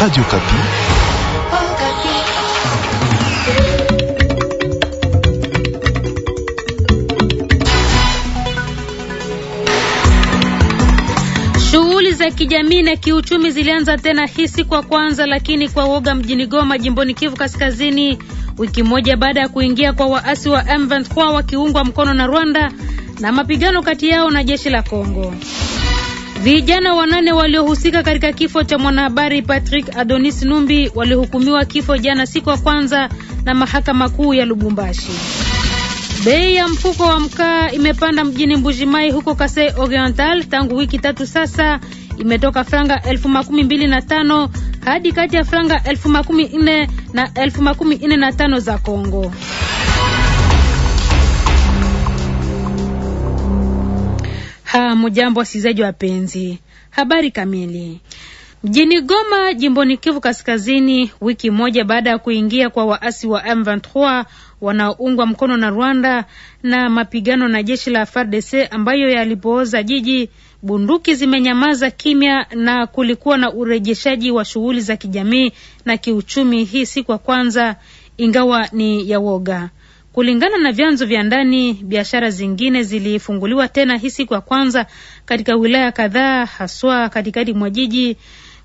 Radio Kapi. Shughuli za kijamii na kiuchumi zilianza tena hii kwa kwanza, lakini kwa woga mjini Goma, jimboni Kivu Kaskazini, wiki moja baada ya kuingia kwa waasi wa M23 wakiungwa mkono na Rwanda na mapigano kati yao na jeshi la Kongo. Vijana wanane waliohusika katika kifo cha mwanahabari Patrick Adonis Numbi walihukumiwa kifo jana siku ya kwanza na mahakama kuu ya Lubumbashi. Bei ya mfuko wa mkaa imepanda mjini Mbujimai huko Kasai Oriental tangu wiki tatu sasa, imetoka franga elfu makumi mbili na tano hadi kati ya franga elfu makumi nne na elfu makumi nne na tano za Kongo. Hamjambo wasikilizaji wapenzi, habari kamili. Mjini Goma, jimboni Kivu Kaskazini, wiki moja baada ya kuingia kwa waasi wa M23 wanaoungwa mkono na Rwanda na mapigano na jeshi la FARDC ambayo yalipooza jiji, bunduki zimenyamaza kimya na kulikuwa na urejeshaji wa shughuli za kijamii na kiuchumi hii siku ya kwanza, ingawa ni ya woga. Kulingana na vyanzo vya ndani, biashara zingine zilifunguliwa tena hii siku ya kwanza katika wilaya kadhaa, haswa katikati mwa jiji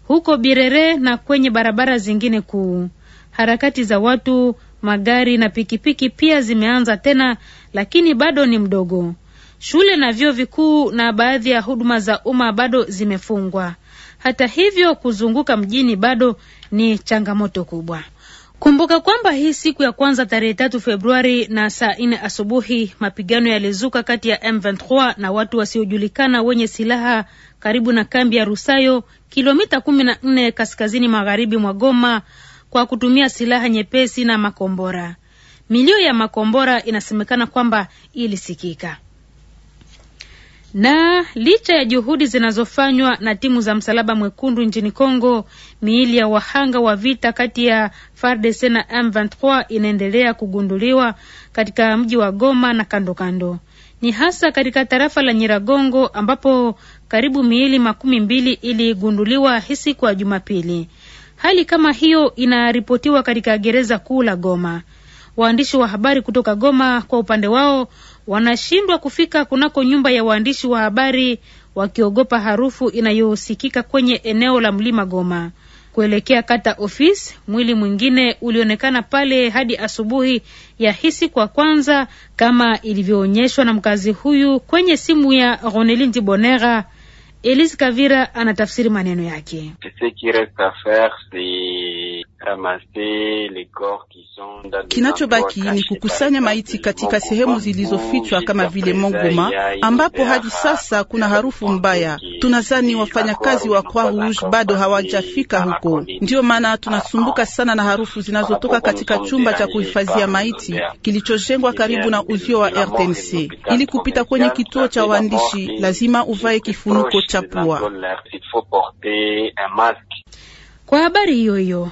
huko Birere na kwenye barabara zingine kuu. Harakati za watu, magari na pikipiki pia zimeanza tena, lakini bado ni mdogo. Shule na vyuo vikuu na baadhi ya huduma za umma bado zimefungwa. Hata hivyo, kuzunguka mjini bado ni changamoto kubwa. Kumbuka kwamba hii siku ya kwanza tarehe tatu Februari na saa nne asubuhi mapigano yalizuka kati ya M23 na watu wasiojulikana wenye silaha karibu na kambi ya Rusayo, kilomita 14 kaskazini magharibi mwa Goma, kwa kutumia silaha nyepesi na makombora. Milio ya makombora inasemekana kwamba ilisikika. Na licha ya juhudi zinazofanywa na timu za Msalaba Mwekundu nchini Kongo, miili ya wahanga wa vita kati ya FARDC na M23 inaendelea kugunduliwa katika mji wa Goma na kando kando. Ni hasa katika tarafa la Nyiragongo ambapo karibu miili makumi mbili iligunduliwa hii siku ya Jumapili. Hali kama hiyo inaripotiwa katika gereza kuu la Goma. Waandishi wa habari kutoka Goma kwa upande wao wanashindwa kufika kunako nyumba ya waandishi wa habari wakiogopa harufu inayosikika kwenye eneo la mlima Goma kuelekea kata ofisi. Mwili mwingine ulionekana pale hadi asubuhi ya hisi kwa kwanza, kama ilivyoonyeshwa na mkazi huyu kwenye simu ya Ronelin Dibonera. Elise Kavira anatafsiri maneno yake. Kinachobaki ni kukusanya maiti katika sehemu zilizofichwa kama vile Mongoma, ambapo hadi sasa kuna harufu mbaya. Tunazani wafanyakazi wa Croix Rouge bado hawajafika huko, ndiyo maana tunasumbuka sana na harufu zinazotoka katika chumba cha kuhifadhia maiti kilichojengwa eh karibu na uzio wa RTNC. Ili kupita kwenye kituo cha waandishi, lazima uvae kifuniko cha pua. Kwa habari hiyo hiyo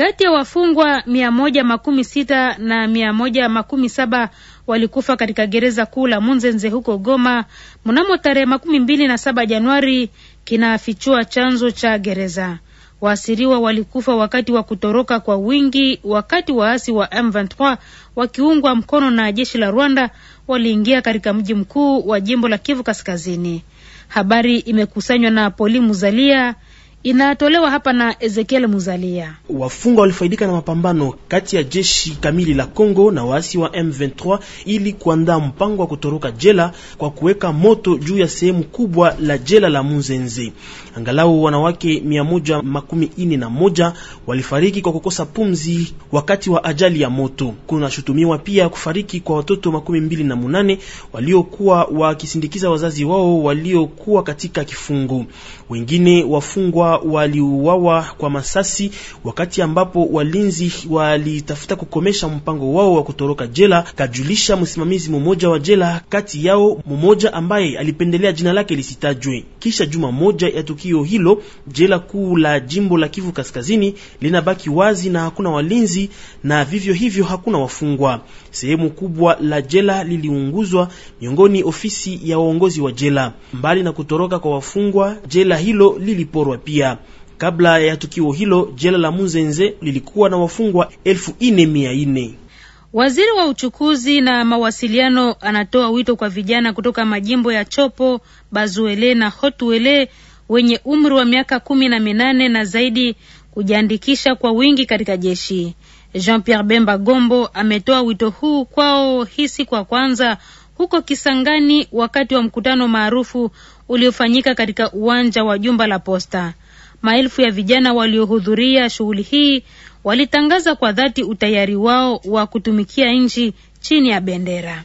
kati ya wafungwa mia moja makumi sita na mia moja makumi saba walikufa katika gereza kuu la Munzenze huko Goma mnamo tarehe makumi mbili na saba Januari, kinafichua chanzo cha gereza. Waasiriwa walikufa wakati wa kutoroka kwa wingi, wakati waasi wa M23 wakiungwa mkono na jeshi la Rwanda waliingia katika mji mkuu wa jimbo la Kivu Kaskazini. Habari imekusanywa na Poli Muzalia inatolewa hapa na Ezekiel Muzalia. Wafungwa walifaidika na mapambano kati ya jeshi kamili la Kongo na waasi wa M23 ili kuandaa mpango wa kutoroka jela kwa kuweka moto juu ya sehemu kubwa la jela la Muzenze. Angalau wanawake mia moja makumi na moja walifariki kwa kukosa pumzi wakati wa ajali ya moto. Kunashutumiwa pia kufariki kwa watoto makumi mbili na munane waliokuwa wakisindikiza wazazi wao waliokuwa katika kifungo. Wengine wafungwa waliuawa kwa masasi wakati ambapo walinzi walitafuta kukomesha mpango wao wa kutoroka jela, kajulisha msimamizi mmoja wa jela, kati yao mmoja ambaye alipendelea jina lake lisitajwe. Kisha juma moja ya tukio hilo, jela kuu la jimbo la Kivu Kaskazini linabaki wazi na hakuna walinzi, na vivyo hivyo hakuna wafungwa. Sehemu kubwa la jela liliunguzwa, miongoni ofisi ya waongozi wa jela. Mbali na kutoroka kwa wafungwa, jela hilo liliporwa pia. Kabla ya tukio hilo, jela la Muzenze lilikuwa na wafungwa elfu ine mia ine. Waziri wa uchukuzi na mawasiliano anatoa wito kwa vijana kutoka majimbo ya Chopo, Bazuele na Hotuele wenye umri wa miaka kumi na minane na zaidi kujiandikisha kwa wingi katika jeshi. Jean Pierre Bemba Gombo ametoa wito huu kwao hii siku ya kwanza huko Kisangani wakati wa mkutano maarufu uliofanyika katika uwanja wa jumba la posta. Maelfu ya vijana waliohudhuria shughuli hii walitangaza kwa dhati utayari wao wa kutumikia nchi chini ya bendera.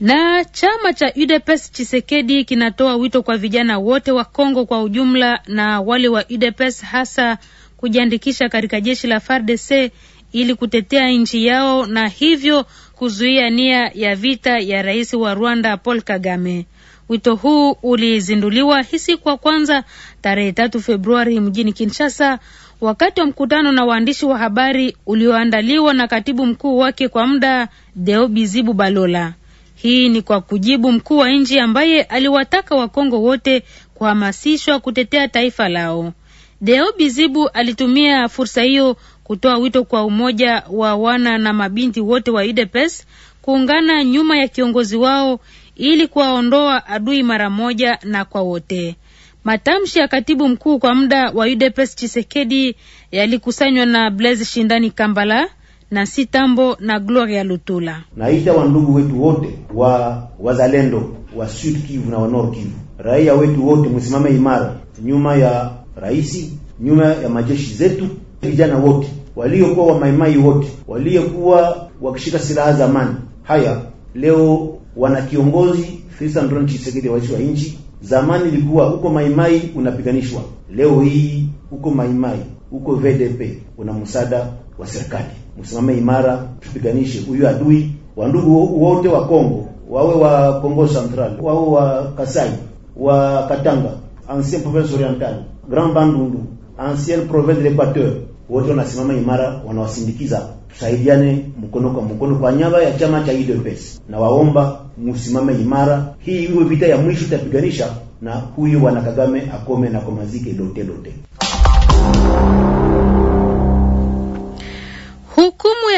Na chama cha UDPS Chisekedi kinatoa wito kwa vijana wote wa Kongo kwa ujumla na wale wa UDPS hasa kujiandikisha katika jeshi la FARDC ili kutetea nchi yao na hivyo kuzuia nia ya vita ya rais wa Rwanda Paul Kagame. Wito huu ulizinduliwa hisi kwa kwanza tarehe tatu Februari mjini Kinshasa wakati wa mkutano na waandishi wa habari ulioandaliwa na katibu mkuu wake kwa muda Deo Bizibu Balola. Hii ni kwa kujibu mkuu wa nchi ambaye aliwataka Wakongo wote kuhamasishwa kutetea taifa lao. Deo Bizibu alitumia fursa hiyo kutoa wito kwa umoja wa wana na mabinti wote wa UDPS kuungana nyuma ya kiongozi wao ili kuwaondoa adui mara moja na kwa wote. Matamshi ya katibu mkuu kwa muda wa UDPS Chisekedi yalikusanywa na Blaise Shindani Kambala, na tambo na Gloria Lutula. Naita wandugu wetu wote wa wazalendo wa Sud Kivu na wa Nord Kivu, raia wetu wote msimame imara nyuma ya raisi, nyuma ya majeshi zetu. Vijana wote waliokuwa maimai wote waliokuwa wakishika silaha zamani, haya leo wana kiongozi Felix Antoine Tshisekedi, rais wa nchi. Zamani ilikuwa uko maimai unapiganishwa, leo hii uko maimai uko VDP una msaada wa serikali usimame imara, tupiganishe huyu adui wa ndugu wote wa Kongo, wawe wa Kongo Central, wawe wa Kasai, wa Katanga, ancien province orientale, Grand Bandundu, ancien province de l'Equateur, wote wanasimama imara, wanawasindikiza. Tusaidiane mkono kwa mkono kwa nyaba ya chama cha UDPS, na waomba musimame imara, hii iwe vita ya mwisho itapiganisha na huyu wana Kagame akome na komazike lote lote.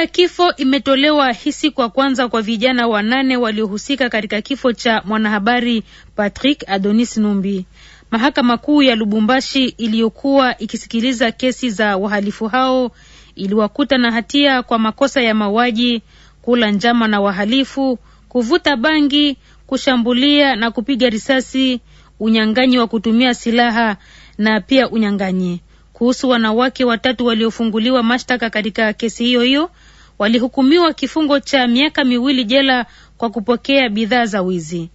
ya kifo imetolewa hisi kwa kwanza kwa vijana wanane waliohusika katika kifo cha mwanahabari Patrick Adonis Numbi. Mahakama Kuu ya Lubumbashi iliyokuwa ikisikiliza kesi za wahalifu hao iliwakuta na hatia kwa makosa ya mauaji, kula njama na wahalifu, kuvuta bangi, kushambulia na kupiga risasi, unyang'anyi wa kutumia silaha na pia unyang'anyi. Kuhusu wanawake watatu waliofunguliwa mashtaka katika kesi hiyo hiyo, walihukumiwa kifungo cha miaka miwili jela kwa kupokea bidhaa za wizi,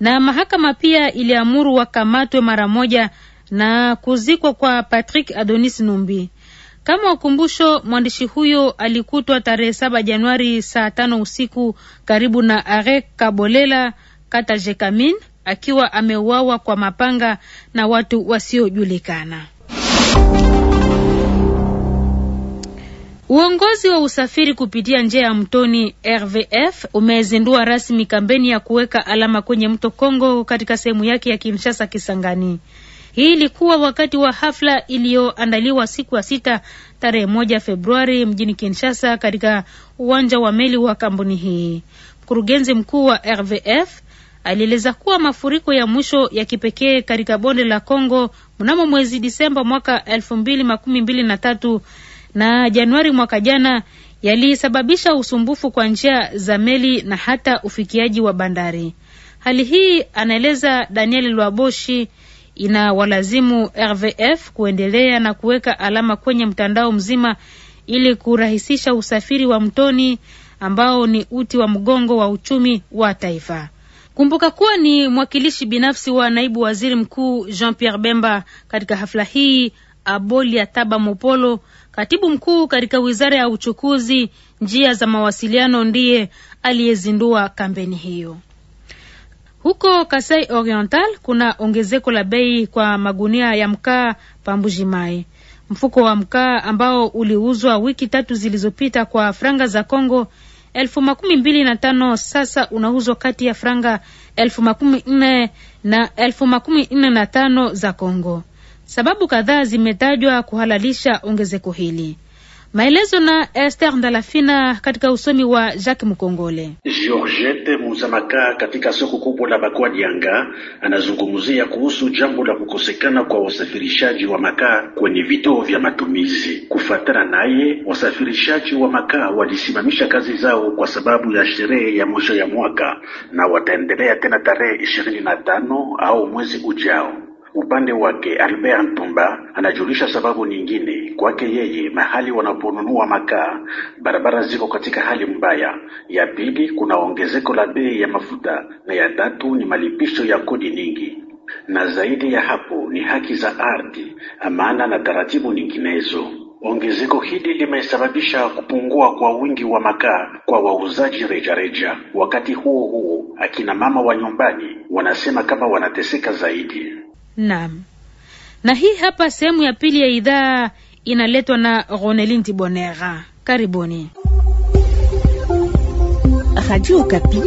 na mahakama pia iliamuru wakamatwe mara moja na kuzikwa kwa Patrick Adonis Numbi. Kama ukumbusho, mwandishi huyo alikutwa tarehe saba Januari saa tano usiku karibu na Are Kabolela kata Jekamin akiwa ameuawa kwa mapanga na watu wasiojulikana. Uongozi wa usafiri kupitia njia ya mtoni RVF umezindua rasmi kampeni ya kuweka alama kwenye mto Kongo katika sehemu yake ya Kinshasa Kisangani. Hii ilikuwa wakati wa hafla iliyoandaliwa siku ya sita tarehe moja Februari mjini Kinshasa katika uwanja wa meli wa kampuni hii. Mkurugenzi mkuu wa RVF alieleza kuwa mafuriko ya mwisho ya kipekee katika bonde la Kongo mnamo mwezi Disemba mwaka elfu mbili makumi mbili na tatu na Januari mwaka jana yalisababisha usumbufu kwa njia za meli na hata ufikiaji wa bandari. Hali hii, anaeleza Daniel Lwaboshi, walazimu RVF kuendelea na kuweka alama kwenye mtandao mzima ili kurahisisha usafiri wa mtoni ambao ni uti wa mgongo wa uchumi wa taifa. Kumbuka kuwa ni mwakilishi binafsi wa naibu waziri mkuu Jean Pierre Bemba katika hafla hii. Abolia Taba Mopolo Katibu mkuu katika wizara ya uchukuzi, njia za mawasiliano ndiye aliyezindua kampeni hiyo. Huko Kasai Oriental kuna ongezeko la bei kwa magunia ya mkaa Pambujimai. Mfuko wa mkaa ambao uliuzwa wiki tatu zilizopita kwa franga za Congo elfu makumi mbili na tano sasa unauzwa kati ya franga elfu makumi nne na elfu makumi nne na tano za Congo. Sababu kadhaa zimetajwa kuhalalisha ongezeko hili. Maelezo na Esther Ndalafina katika usomi wa Jacques Mkongole. Georgette Muzamaka katika soko kubwa la Dianga anazungumzia kuhusu jambo la kukosekana kwa wasafirishaji wa makaa kwenye vituo vya matumizi. Kufuatana naye, wasafirishaji wa makaa walisimamisha kazi zao kwa sababu ya sherehe ya mwisho ya mwaka na wataendelea tena tarehe ishirini na tano au mwezi ujao. Upande wake Albert Ntumba anajulisha sababu nyingine kwake yeye, mahali wanaponunua makaa barabara ziko katika hali mbaya. Ya pili kuna ongezeko la bei ya mafuta, na ya tatu ni malipisho ya kodi nyingi, na zaidi ya hapo ni haki za ardhi, amana na taratibu nyinginezo. Ongezeko hili limesababisha kupungua kwa wingi wa makaa kwa wauzaji rejareja. Wakati huo huo, akina mama wa nyumbani wanasema kama wanateseka zaidi. Naam, na hii hapa sehemu ya pili ya idhaa inaletwa na Ronelin Tibonera. Karibuni Radio Kapi,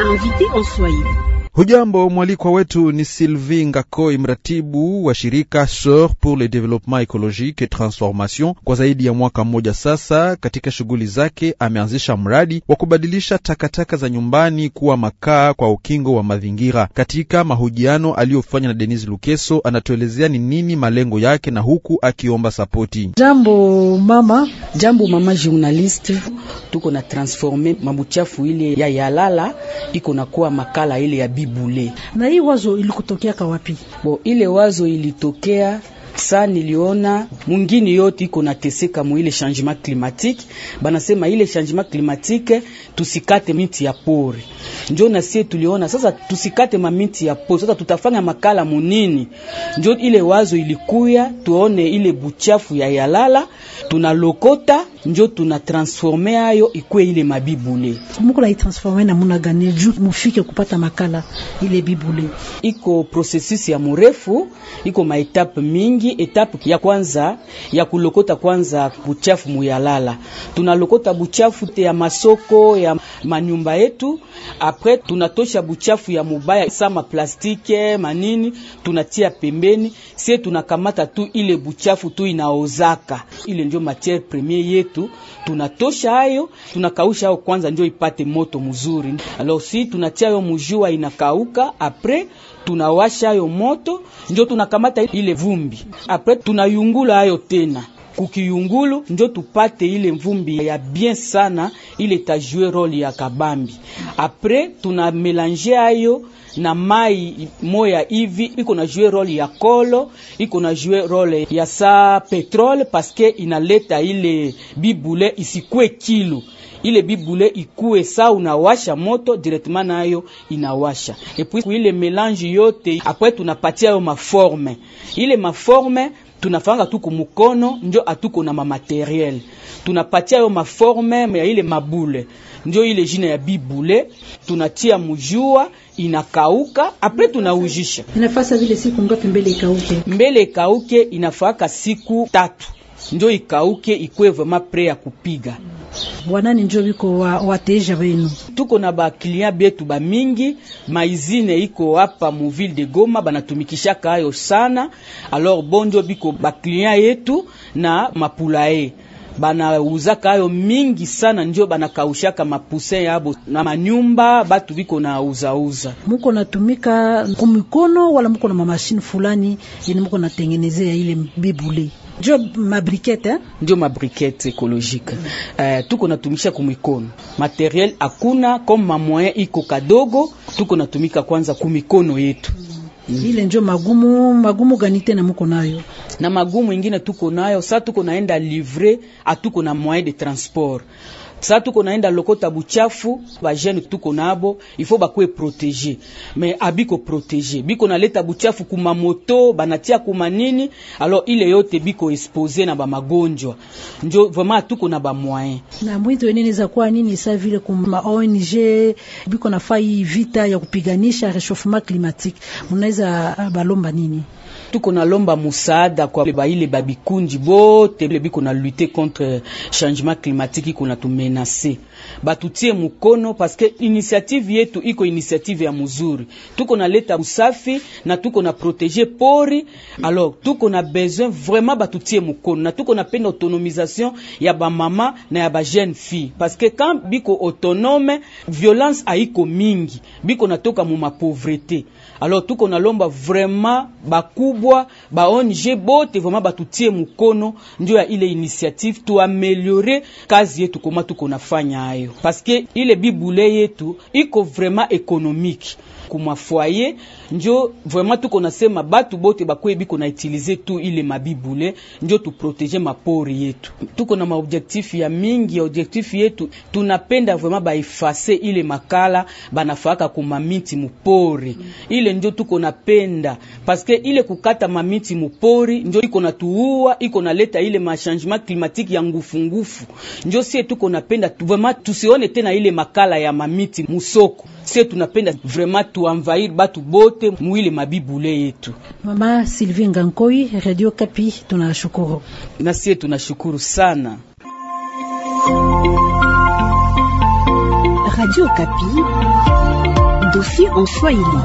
invité en Swahili. Hujambo, mwalikwa wetu ni Sylvie Ngakoi, mratibu wa shirika Sor pour le Développement Écologique et Transformation. Kwa zaidi ya mwaka mmoja sasa, katika shughuli zake ameanzisha mradi wa kubadilisha takataka za nyumbani kuwa makaa kwa ukingo wa mazingira. Katika mahojiano aliyofanya na Denis Lukeso, anatuelezea ni nini malengo yake na huku akiomba sapoti. Jambo mama, jambo mama journaliste, tuko na transforme mabuchafu ile ya yalala iko na kuwa makala ile ya bi bibule. Na hii wazo ilikutokea kawapi? Bo, ile wazo ilitokea sa niliona mwingine yote iko nateseka mu ile changement climatique. Banasema ile changement climatique tusikate miti ya pori, njo na sie tuliona sasa tusikate mamiti ya pori, sasa tutafanya makala munini. Njo ile wazo ilikuya tuone ile buchafu ya yalala tunalokota, njo tuna tunatransforme ayo ikue ile mabibule. Muko la transforme na muna gani juu mufike kupata makala ile bibule, iko processus ya murefu, iko maetape mingi tunaingi etape ya kwanza ya kulokota kwanza buchafu muyalala, tunalokota buchafu te ya masoko ya manyumba yetu. Apres tunatosha buchafu ya mubaya sama plastike manini, tunatia pembeni. Sie tunakamata tu ile buchafu tu inaozaka, ile ndio matiere premier yetu. Tunatosha hayo, tunakausha hayo kwanza, ndio ipate moto mzuri. Alors si tunatia yo mujua inakauka apres tunawasha ayo moto, njo tunakamata ile vumbi, apre tunayungula ayo tena kukiyungulu njo tupate ile mvumbi ya bien sana, ile tajue role ya kabambi. Apre tuna melange ayo na mai moya hivi, iko na jue role ya kolo, iko na jue role ya sa petrole, paske inaleta ile bibule isikwe kilu ile bibule ikue saa unawasha moto directement nayo inawasha, et puis ile melange yote apre tunapatia yo maforme, ile maforme tunafanga tu kumukono njo atuko na mamateriel tunapatia yo maforme ya ile mabule ndio ile jina ya bibule tunatia mujua inakauka, apre tunaujisha. Inafasa vile siku ngapi mbele ikauke? Mbele ikauke inafaka siku tatu ndio ikauke, ikwe vraiment pre ya kupiga bwanani njo biko wateja wenu. Tuko na bakilia byetu bamingi, maizine iko hapa mu ville de Goma banatumikishaka hayo sana. Alors bonjo biko bakilia yetu na mapulae banauzaka hayo mingi sana, ndio banakaushaka mapuse yabo na manyumba, batu biko na uzauza. Muko natumika kumikono wala muko na mamashini fulani yenye muko natengenezea ile bibule ndio mabrikete eh? Ndio mabrikete ekolojika mm. Uh, tuko natumisha kumikono materiel hakuna comme mamoyen iko kadogo, tuko natumika kwanza kumikono yetu mm. Mm. Ile ndio magumu magumu gani tena muko nayo na magumu ingine tuko nayo. Sa tuko naenda livre, atuko na moyen de transport sa tuko naenda lokota buchafu bajene tuko nabo ifo bakwe protege me abiko protege biko naleta buchafu kuma moto banatia kuma nini alors ile yote biko expose na ba magonjwa njo vraiment tuko na ba moyen na mwito nini za kwa nini sa vile kuma ONG biko nafai vita ya kupiganisha réchauffement climatique mnaweza balomba nini tuko lomba musaada kwa baile babikunji bote biko na lutté contre euh, changement climatique a tout menacé. batutie mukono, paske initiative yetu iko inisiative ya muzuri. Tuko naleta usafi na tuko na protege pori, alors tuko na besoin vraiment batutie mukono, na tuko napenda autonomisation ya bamama na ya bajeune fille, paske quand biko autonome violence haiko mingi, biko natoka mu mapauvreté. Alors tuko nalomba vraiment bakubwa ba ONG bote vraiment batutie mukono, ndio ya ile inisiative tuameliore kazi yetu koma tuko nafanya nayo, paske ile bibule yetu iko vraiment ekonomiki kumwa foyer njo vraiment tuko nasema batu bote bakwe biko na utilize tu ile mabibule njo tuprotege mapori yetu. Tuko na maobjektif ya mingi, objektif yetu tunapenda vraiment baifase ile makala banafaka ku mamiti mupori ile njo tuko napenda paske ile kukata mamiti mupori njo iko na tuua iko naleta ile machangement climatique ya ngufu ngufu, njo sie tuko napenda tu, vraiment tusione tena ile makala ya mamiti musoko. Sie tunapenda vraiment tuanvair batu bote yote mwili mabibule yetu. Mama Sylvie Ngankoi, Radio Kapi, tunashukuru. Na sisi tunashukuru sana. Radio Kapi, dossier en Swahili.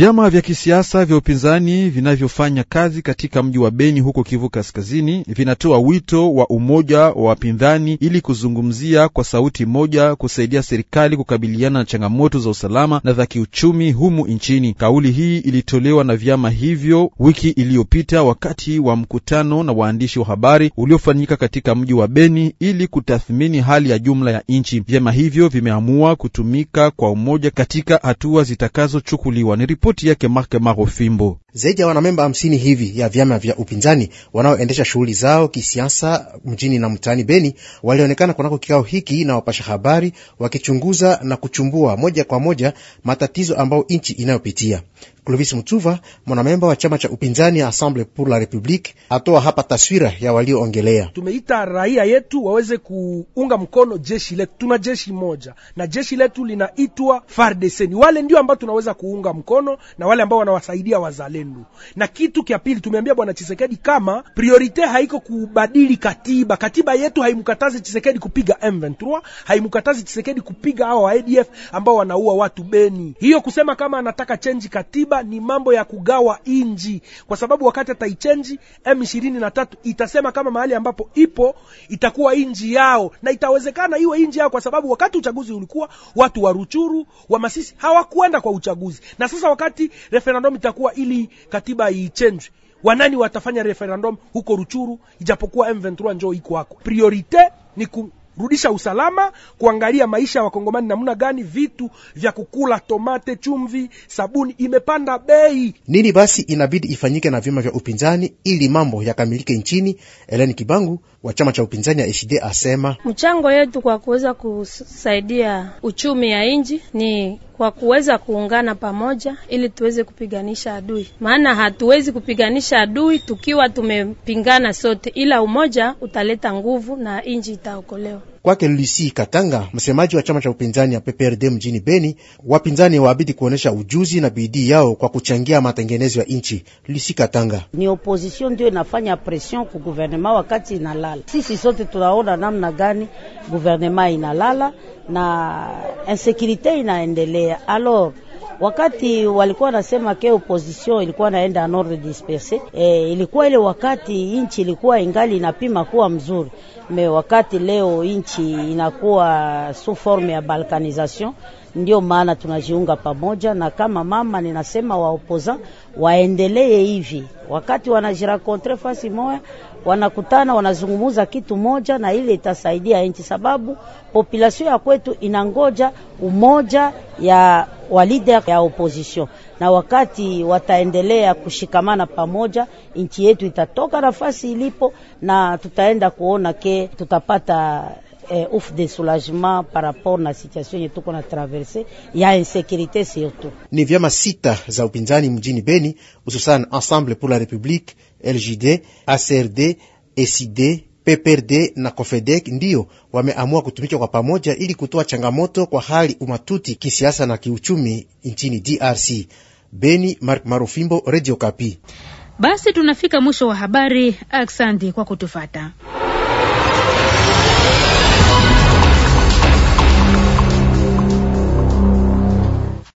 Vyama vya kisiasa vya upinzani vinavyofanya kazi katika mji wa Beni huko Kivu Kaskazini vinatoa wito wa umoja wa wapinzani ili kuzungumzia kwa sauti moja kusaidia serikali kukabiliana na changamoto za usalama na za kiuchumi humu nchini. Kauli hii ilitolewa na vyama hivyo wiki iliyopita wakati wa mkutano na waandishi wa habari uliofanyika katika mji wa Beni ili kutathmini hali ya jumla ya nchi. Vyama hivyo vimeamua kutumika kwa umoja katika hatua zitakazochukuliwa. Ripoti yake Mark Marofimbo. Zaidi ya wanamemba hamsini hivi ya vyama vya upinzani wanaoendesha shughuli zao kisiasa mjini na mtaani Beni walionekana kunako kikao hiki na wapasha habari wakichunguza na kuchumbua moja kwa moja matatizo ambayo nchi inayopitia. Clovis Mutsuva, mwanamemba wa chama cha upinzani Assemble pour la Republique, atoa hapa taswira ya walioongelea. Tumeita raia yetu waweze kuunga mkono jeshi letu. Tuna jeshi moja na jeshi letu linaitwa FARDC. Ni wale ndio ambao tunaweza kuunga mkono na wale ambao wanawasaidia wazalendo. Na kitu kia pili, tumeambia bwana Chisekedi kama priorite haiko kubadili katiba. Katiba yetu haimkatazi Chisekedi kupiga M23, haimkatazi Chisekedi kupiga hao wa ADF ambao wanaua watu Beni. Hiyo kusema kama anataka change katiba katiba ni mambo ya kugawa inji, kwa sababu wakati ataichenji M23 itasema kama mahali ambapo ipo itakuwa inji yao, na itawezekana iwe inji yao, kwa sababu wakati uchaguzi ulikuwa watu wa Ruchuru wa Masisi hawakuenda kwa uchaguzi, na sasa wakati referendum itakuwa ili katiba iichenjwe wanani watafanya referendum huko Ruchuru, ijapokuwa M23 njoo iko hako. Priorite ni ku kurudisha usalama, kuangalia maisha ya Wakongomani namna gani, vitu vya kukula, tomate, chumvi, sabuni imepanda bei. Nini basi inabidi ifanyike na vyama vya upinzani ili mambo yakamilike nchini? Eleni Kibangu wa chama cha upinzani ya SHD asema mchango yetu kwa kuweza kusaidia uchumi ya nji ni kwa kuweza kuungana pamoja ili tuweze kupiganisha adui, maana hatuwezi kupiganisha adui tukiwa tumepingana sote, ila umoja utaleta nguvu na nji itaokolewa. Kwake Lusi Katanga, msemaji wa chama cha upinzani ya PPRD mjini Beni, wapinzani waabidi kuonyesha ujuzi na bidii yao kwa kuchangia matengenezo ya nchi. Lusi Katanga: ni opposition ndio inafanya pression ku guvernema wakati inalala. Sisi sote tunaona namna gani guvernema inalala na insekurite inaendelea alors wakati walikuwa nasema ke opposition ilikuwa naenda nord disperse e, ilikuwa ile wakati inchi ilikuwa ingali inapima kuwa mzuri me, wakati leo inchi inakuwa sous forme ya balkanisation, ndio maana tunajiunga pamoja, na kama mama ninasema wa opposant waendelee hivi. Wakati wanajirakontre fasi moya, wanakutana wanazungumuza kitu moja, na ile itasaidia nchi, sababu population ya kwetu inangoja umoja ya leader ya opposition, na wakati wataendelea kushikamana pamoja, nchi yetu itatoka nafasi ilipo, na tutaenda kuona ke tutapata eh, off de soulagement par rapport na situation yetu tuko na traverse ya insécurité surtout. Ni vyama sita za upinzani mjini Beni, hususan Ensemble pour la République, LJD, ACRD, SID, PPRD na COFEDEC ndiyo wameamua kutumika kwa pamoja ili kutoa changamoto kwa hali umatuti kisiasa na kiuchumi nchini DRC. Beni, Mark Marufimbo, Radio Kapi. Basi tunafika mwisho wa habari. Aksandi kwa kutufata.